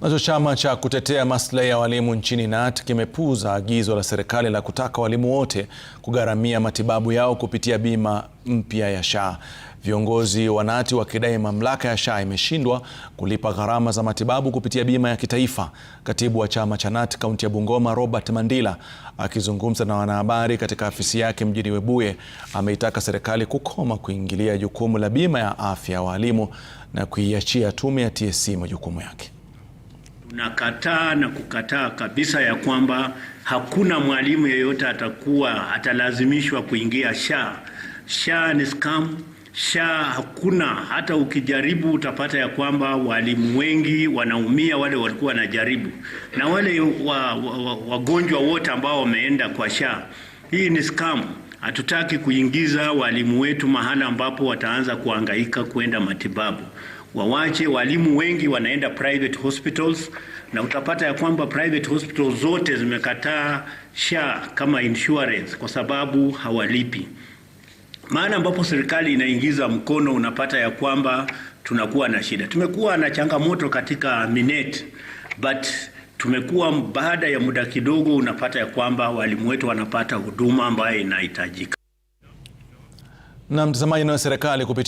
Nacho chama cha kutetea maslahi ya walimu nchini KNUT kimepuuza agizo la serikali la kutaka walimu wote kugharamia matibabu yao kupitia bima mpya ya SHA. Viongozi wa KNUT wakidai mamlaka ya SHA imeshindwa kulipa gharama za matibabu kupitia bima ya kitaifa. Katibu wa chama cha KNUT kaunti ya Bungoma, Robert Mandila, akizungumza na wanahabari katika afisi yake mjini Webuye, ameitaka serikali kukoma kuingilia jukumu la bima ya afya ya walimu na kuiachia tume ya TSC majukumu yake unakataa na kukataa kabisa ya kwamba hakuna mwalimu yeyote atakuwa atalazimishwa kuingia SHA. SHA ni scam. SHA hakuna, hata ukijaribu utapata ya kwamba walimu wengi wanaumia, wale walikuwa wanajaribu na wale wagonjwa wa, wa, wote ambao wameenda kwa SHA. Hii ni scam. Hatutaki kuingiza walimu wetu mahala ambapo wataanza kuangaika kwenda matibabu wawache walimu wengi wanaenda private hospitals, na utapata ya kwamba private hospitals zote zimekataa SHA kama insurance kwa sababu hawalipi. Maana ambapo serikali inaingiza mkono, unapata ya kwamba tunakuwa na shida. Tumekuwa na changamoto katika Minet but tumekuwa baada ya muda kidogo, unapata ya kwamba walimu wetu wanapata huduma ambayo inahitajika. Na mtazamaji, nayo serikali kupitia